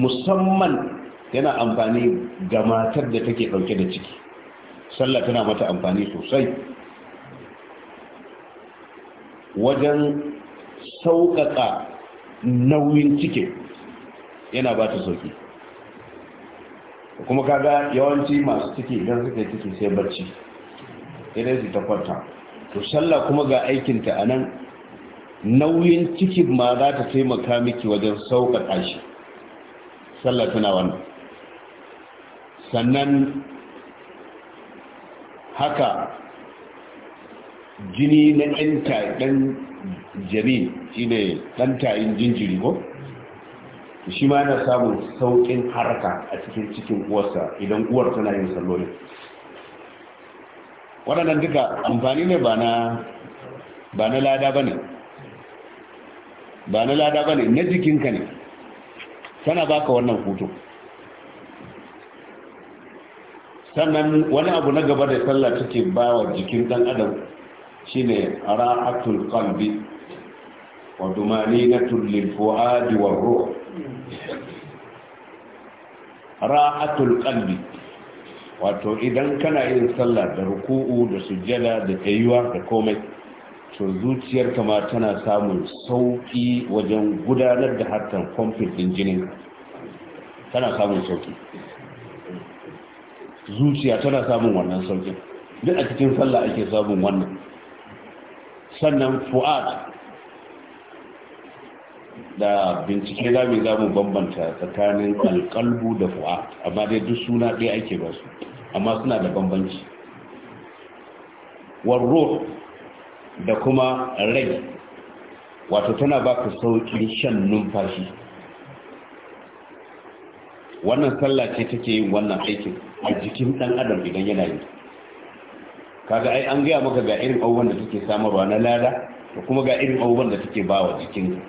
musamman yana amfani ga matar da take ɗauke da ciki sallah tana mata amfani sosai wajen sauƙaƙa nauyin cike yana ba ta sauƙi kuma kaga yawanci masu ciki idan suka ciki sai barci idan su ta kwanta to sallah kuma ga aikinta a nan nauyin cikin ma za ta taimaka miki wajen sauƙaƙa shi sallah tana wannan sannan haka jini na ɗanta ɗan jari shi ne ɗantayin jinjiri ko shi ma yana samun sauƙin harka a cikin cikin uwarsa idan uwar tana yin sallolin waɗannan duka amfani ne ba na lada ba ne ba na lada ba ne na jikinka ne tana baka wannan hutu sannan wani abu na gaba da sallah take ba wa jikin ɗan adam shine ra'atul qalbi wa dumaninatul lil fuadi war ruh ra'atul ƙalbi, wato idan kana yin sallah da ruku'u da sujjada da tsayuwa da komai to zuciyar kama tana samun sauƙi wajen gudanar da harkar kwamfin din jinin tana samun sauki zuciya tana samun wannan saukin duk a cikin sallah ake samun wannan sannan fu'ad da bincike za mu za mu bambanta tsakanin alƙalbu da fu'ad amma dai duk suna ɗaya ake ba su amma suna da bambanci warro da kuma rai wato tana baka sauƙin shan numfashi wannan sallah ce take yin wannan aikin a jikin ɗan adam idan yana yi kaga ai an gaya maka ga irin abubuwan da take samarwa na lada da kuma ga irin abubuwan da take ba wa jikin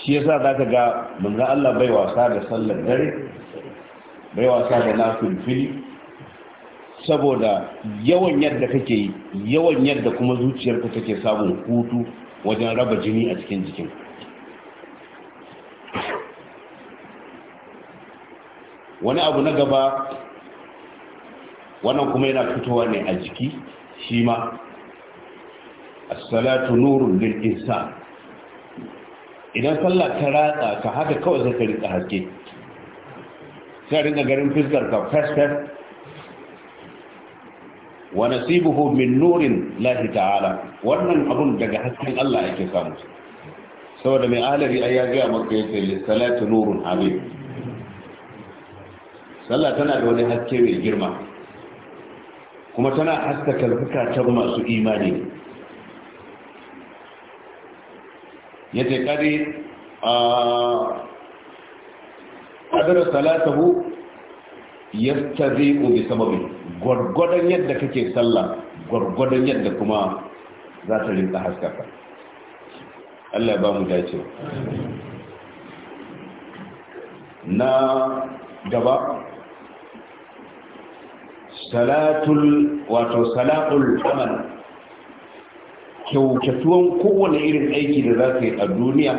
shi yasa za ka ga manzo Allah bai wasa da sallar dare bai wasa da nafil fili saboda yawan yadda kake yi yawan yadda kuma zuciyarka take samun hutu wajen raba jini a cikin jikin wani abu na gaba wannan kuma yana fitowa ne a jiki shi ma as-salatu nurun lil insan idan sallah ta ratsa ka haka kawai sai ka rika haske sai rinka garin fiskar ka fesfes wa nasibuhu min nurin lahi ta'ala wannan abun daga hasken Allah yake samu saboda mai alari ai ya ga maka yake salatu nurun habib sallah tana da wani haske mai girma kuma tana haskaka zukatan masu imani ce kadi a ƙadar salatahu yastazi'u bi sababi gwargwadon yadda kake sallah gwargwadon yadda kuma za ta rinka haskaka Allah ya ba mu dace na gaba salatul wato salatul amal kyautatuwan kowane irin aiki da za ka yi a duniya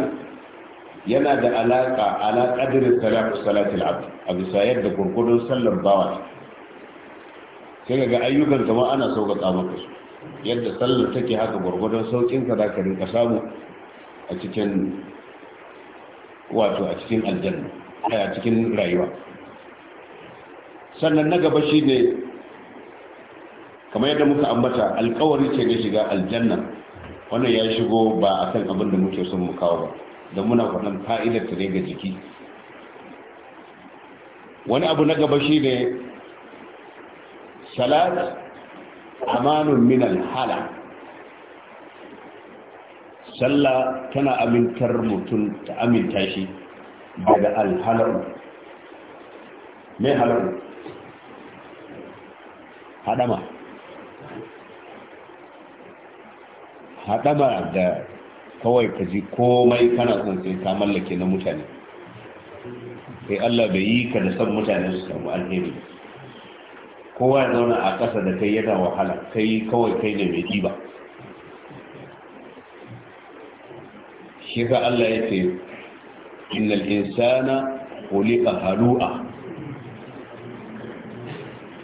yana da alaƙa ala ƙadirin salatu salatul abu a bisa yadda gurgudun sallar bawa sai ga ayyukan zama ana sauƙaƙa maka su yadda sallar take haka gurgudun sauƙin ka za ka rinka samu a cikin wato a cikin aljanna a cikin rayuwa sannan na gaba shi ne kamar yadda muka ambata alkawari ce ga shiga aljanna wannan ya shigo ba a kan abin da muke son mu kawo ba don muna faɗin fa'idar ta ne ga jiki wani abu na gaba shi ne salat amanun minal hala sallah tana amintar mutum ta aminta shi daga alhalar mai halar hadama haɗama da kawai ka ji komai kana son sai ka mallake na mutane sai Allah bai yi ka da son mutane su samu alheri kowa ya zauna a ƙasa da kai yana wahala kai kawai kai ne mai ɗiba shi ka Allah ya ce innal insana khuliqa halu'a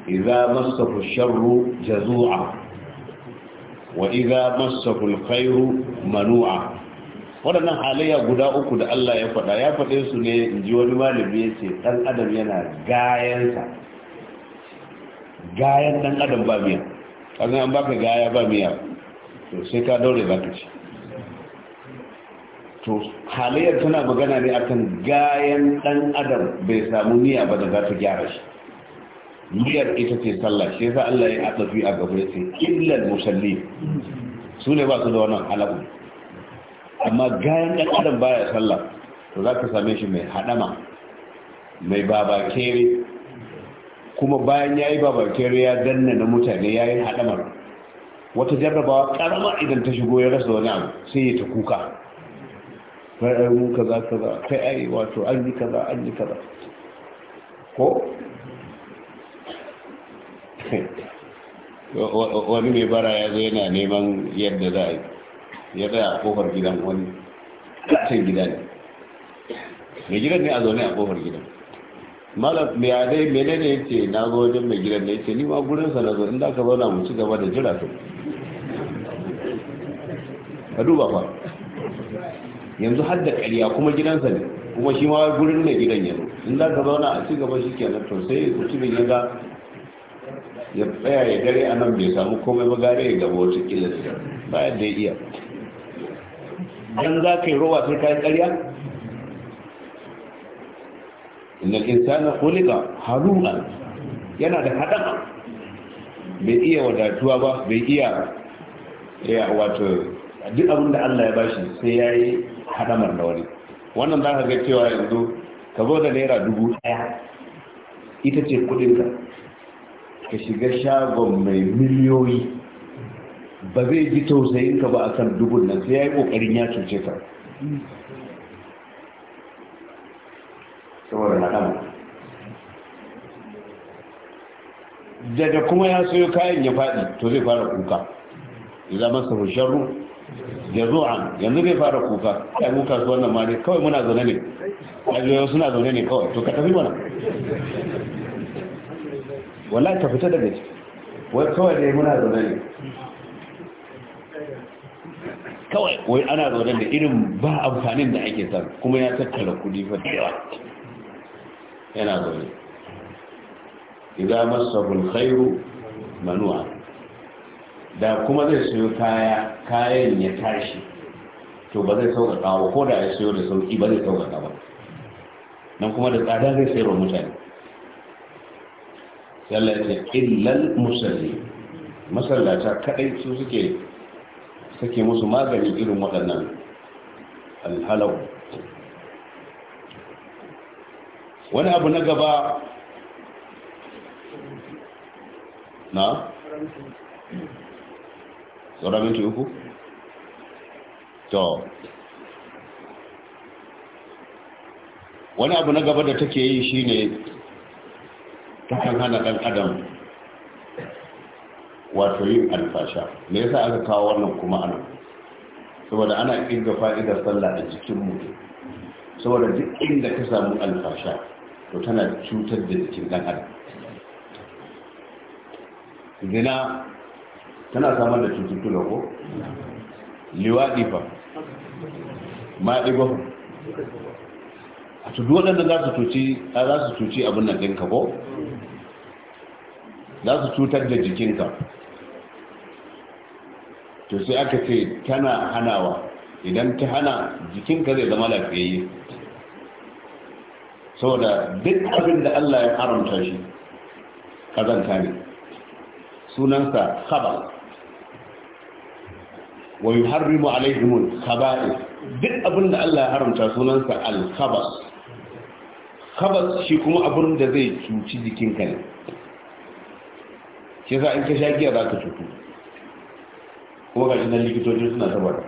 idza massahu sharru jazu'a wa iza masahul khairu manu'a waɗannan halayya guda uku da Allah ya faɗa ya faɗe su ne in ji wani malami ya ce ɗan adam yana gayansa gayan ɗan adam ba miya kaga an baka gaya ba miya to sai ka daure za ka ci to halayyar tana magana ne akan gayan ɗan adam bai samu niyya ba da za ta gyara shi niyyar ita ce sallah shi yasa Allah ya atsafi a gaba yace ce illal musalli su ne ba su da wannan alaƙu amma gayan ɗan adam baya sallah to za ka same shi mai haɗama mai babakere kuma bayan yayi yi babakere ya danna na mutane ya yi haɗamar wata jarrabawa karama idan ta shigo ya rasa wani abu sai ya ta kuka kai ai kaza kaza kai ai wato an yi kaza an yi kaza ko wani mai bara ya zo yana neman yadda za a yi ya tsaya a kofar gidan wani can gida ne mai gidan ne a zaune a kofar gidan malam mai adai mai ne ya ce na zo wajen mai gidan ne ya ce ni ma sa na zo inda ka zauna mu ci gaba da jira to ka duba fa yanzu har da ƙarya kuma gidansa ne kuma shi ma gurin mai gidan yanzu in ka zauna a ci gaba shi kenan to sai mutumin ya ga ya tsaya ya dare a nan bai samu komai ba gare ya gaba wata kila da ba yadda ya iya dan za ka yi rowa sai ka yi ƙarya inda insana kulika haruna yana da haɗa? bai iya wadatuwa ba bai iya ya eh, wato duk abin da Allah ya bashi sai ya yi haɗamar da wani wannan za ka ga cewa yanzu ka zo da naira dubu ɗaya ita ce kuɗinka ka shiga shagon mai miliyoyi ba zai ji tausayin ka ba a kan dubun nan sai ya yi ƙoƙarin ya cuce ka saboda na ɗan daga kuma ya sayo kayan ya faɗi to zai fara kuka idan masa rusharu ya zuwa yanzu zai fara kuka ya kuka su wannan ma ne kawai muna zaune ne a suna zaune ne kawai to ka tafi mana wallahi ka fita daga ciki wai kawai dai muna zaune ne kawai wai ana zaune da irin ba amfanin da ake san kuma ya tattara kudi fa da yawa yana zaune idan masabul khairu Manuwa. da kuma zai sayo kaya kayan ya tashi to ba zai sauka ba ko da ya sayo da sauƙi ba zai sauka ba nan kuma da tsada zai sayarwa mutane sallah ce illal musalli masallata kadai su suke suke musu magani irin waɗannan alhalau wani abu na gaba na? tsoron minti uku? to wani abu na gaba da take yi shine kan hana ɗan adam wato yin alfasha me yasa aka kawo wannan kuma anan saboda ana inga fa'idar sallah a jikin mutum saboda duk inda ka samu alfasha to tana cutar da jikin ɗan adam zina tana samar da cututtuka ko liwaɗi fa maɗi ba a tudu waɗanda za su cuci abin nan ɗinka ko za su cutar da jikinka to sai aka ce tana hanawa idan ta hana jikinka zai zama lafiyayye saboda duk abin da Allah ya haramta shi kazanta ne sunansa khaba wa yuharrimu alaihimul khaba'is duk abin da Allah ya haramta sunansa al-khabas khabas shi kuma abin da zai cuci jikinka ne shi sa in ka sha giya za ka cutu kuma ga na likitocin suna sabar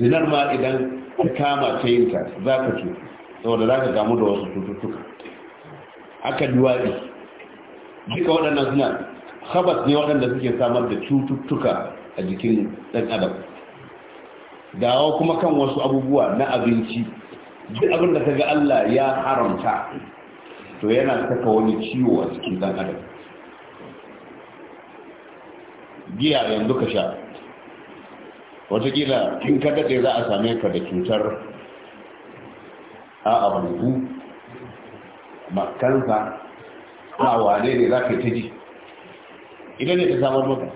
zinar ma idan ka kama ta yin ta za ka cutu saboda za ka kamu da wasu cututtuka aka duwaɗi duka waɗannan suna habas ne waɗanda suke samar da cututtuka a jikin ɗan adam dawo kuma kan wasu abubuwa na abinci duk abin da ga Allah ya haramta to yana saka wani ciwo a cikin ɗan adam giya yanzu ka sha watakila kin ka daɗe za a same ka da cutar a abu makansa a wane ne za ka yi ta ji idan ne ta samar maka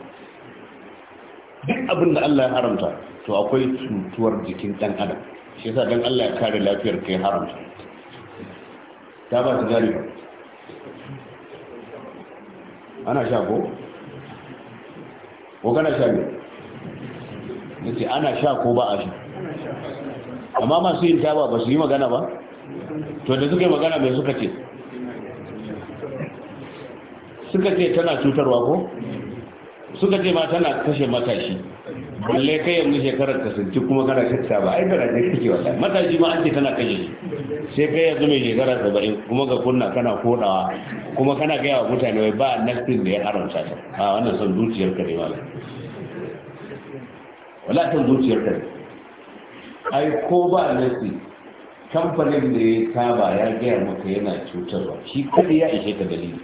duk abin da allah ya haramta to akwai cutuwar jikin ɗan adam shi yasa don allah ya kare lafiyar kai haramta ta ba ta gari ba ana sha ko ko kana sha ne yace ana sha ko ba a sha amma masu yin taba ba su yi magana ba to da suka yi magana mai suka ce suka ce tana cutarwa ko suka ce ma tana kashe matashi balle kai yanzu shekarar ka sun kuma kana kacca ba ai kana da kike wallahi matashi ma an ce tana kashe shi sai kai yanzu mai shekara 70 kuma ga kunna kana kodawa kuma kana ga yawa mutane wai ba nastin da ya haramta ta a wannan son zuciyar ka ne ma wala son zuciyar ka ai ko ba nasti kamfanin da ya saba ya gaya maka yana cutarwa shi kadai ya ishe ka dalili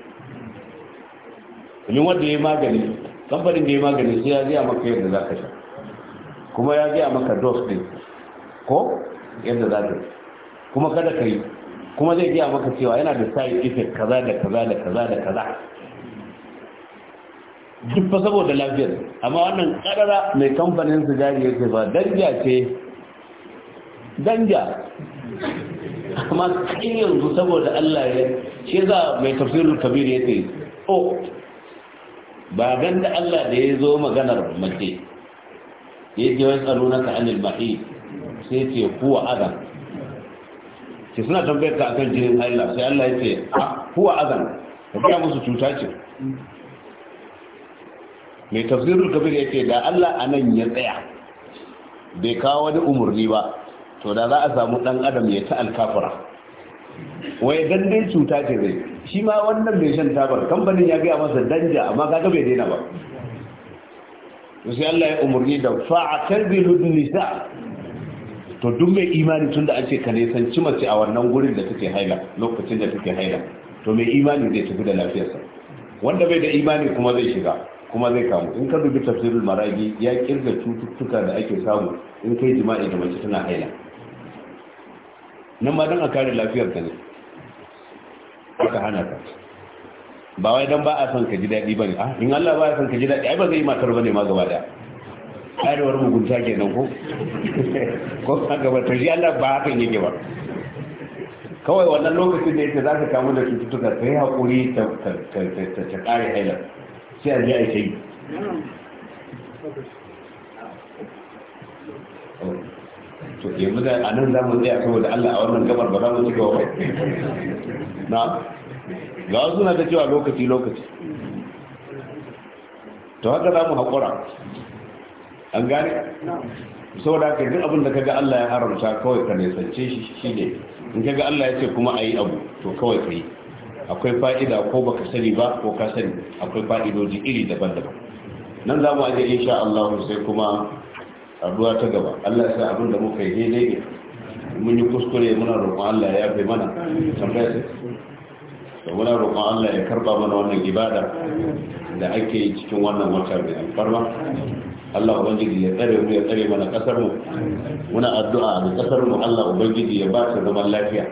domin wanda ya magani kamfanin da ya magani sai ya gaya maka yadda za ka sha kuma ya gaya maka dos din ko yadda za ka kuma kada ka yi kuma zai gaya maka cewa yana da sai effect kaza da kaza da kaza da kaza duk fa saboda lafiyar amma wannan karara mai kamfanin su jari ya ce ba danja ce danja amma kai yanzu saboda Allah ya ce za mai tafsirin kabir ya ce oh ba da Allah da ya zo maganar mace ya ce wani tsaro na ta'anil mahi sai ce kuwa azan ke suna tambayar ka akan jinin Allah sai Allah ya ce kuwa azan ka biya musu cuta ce mai tafsirul kabir ya ce da Allah a nan ya tsaya bai kawo wani umarni ba to da za a samu dan adam ya ta alkafura wai dandai cuta ce zai shi ma wannan mai shan tabar kamfanin ya gaya masa danja amma kaga bai daina ba sai Allah ya umarni da fa'a kalbi nisa to duk mai imani tunda an ce ka nisanci mace a wannan gurin da take haila lokacin da take haila to mai imani zai tafi da lafiyarsa wanda bai da imani kuma zai shiga kuma zai kamu in ka dubi tafsirul maragi ya kirga cututtuka da ake samu in kai jima'i da mace tana haila nan ma dan a kare lafiyar ta ne aka hana ka ba wai dan ba a son ka ji daɗi ba ne ah, in Allah ba ya son ka ji daɗi ai ba zai yi matar ba ne ma gaba da karewar mugunta kenan ko ko ka gaba to shi Allah ba hakan yake ba kawai wannan lokacin da yake za ka kamu da cututtuka ta yi haƙuri ta ƙare hailar sai a ji a yi hmm. to yanzu da a nan za mu tsaya saboda Allah a wannan gabar ba za mu cika ba na ga wasu na ta cewa lokaci lokaci to haka za mu haƙura an gane da ka duk abin da kaga Allah ya haramta kawai ka nisance shi shine in kaga Allah ya ce kuma a yi abu to kawai ka yi. akwai fa'ida ko baka sani ba ko ka sani akwai fa'idoji iri daban-daban nan za mu aje insha Allah sai kuma addu'a ta gaba Allah ya sa abin da muka yi daidai ne mun yi kuskure muna roƙon Allah ya fi mana tambaya sai da muna roƙon Allah ya karba mana wannan ibada da ake yi cikin wannan wata mai alfarma Allah ubangiji ya tsare mu ya tsare mana kasar mu muna addu'a da kasar mu Allah ubangiji ya ba ta zaman lafiya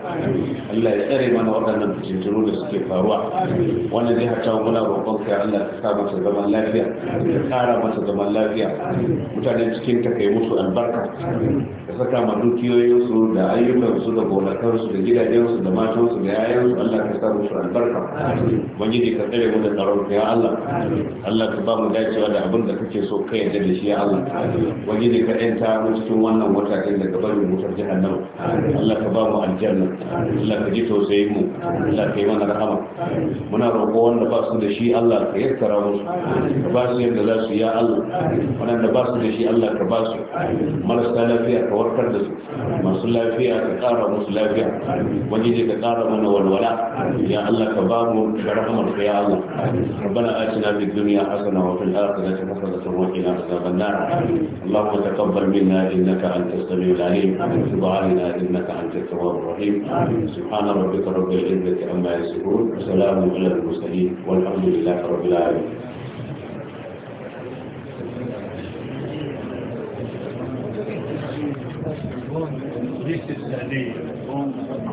Allah ya tsare mana waɗannan fitintunu da suke faruwa wannan zai hata muna roƙon kai Allah ka sa mata zaman lafiya ka kara mata zaman lafiya mutanen cikin ka kai musu albarka ka saka ma dukiyoyinsu da ayyukan su da su da gidajen su da matansu da su Allah ka sa musu albarka ubangiji ka tsare mu da tsaron ya Allah Allah ka ba mu dacewa da abin da kake so kai da da shi ya Allah waje da ka ɗanta mu cikin wannan wata ɗin daga barin wutar jahannama Allah ka ba mu aljanna Allah ka ji tausayin mu Allah ka yi mana rahama muna roƙo wanda ba su da shi Allah ka yarkara musu ka ba su yadda za su ya Allah wanda ba su da shi Allah ka ba su marasa lafiya ka warkar da su masu lafiya ka ƙara musu lafiya waje da ka ƙara mana walwala ya Allah ka ba mu da rahamar ya Allah ربنا آتنا في الدنيا حسنة وفي الآخرة حسنة وقنا عذاب عذاب النار اللهم تقبل منا إنك أنت السميع العليم وتب علينا إنك أنت التواب الرحيم سبحان ربك رب العزة عما يصفون وسلام على المرسلين والحمد لله رب العالمين This is the day.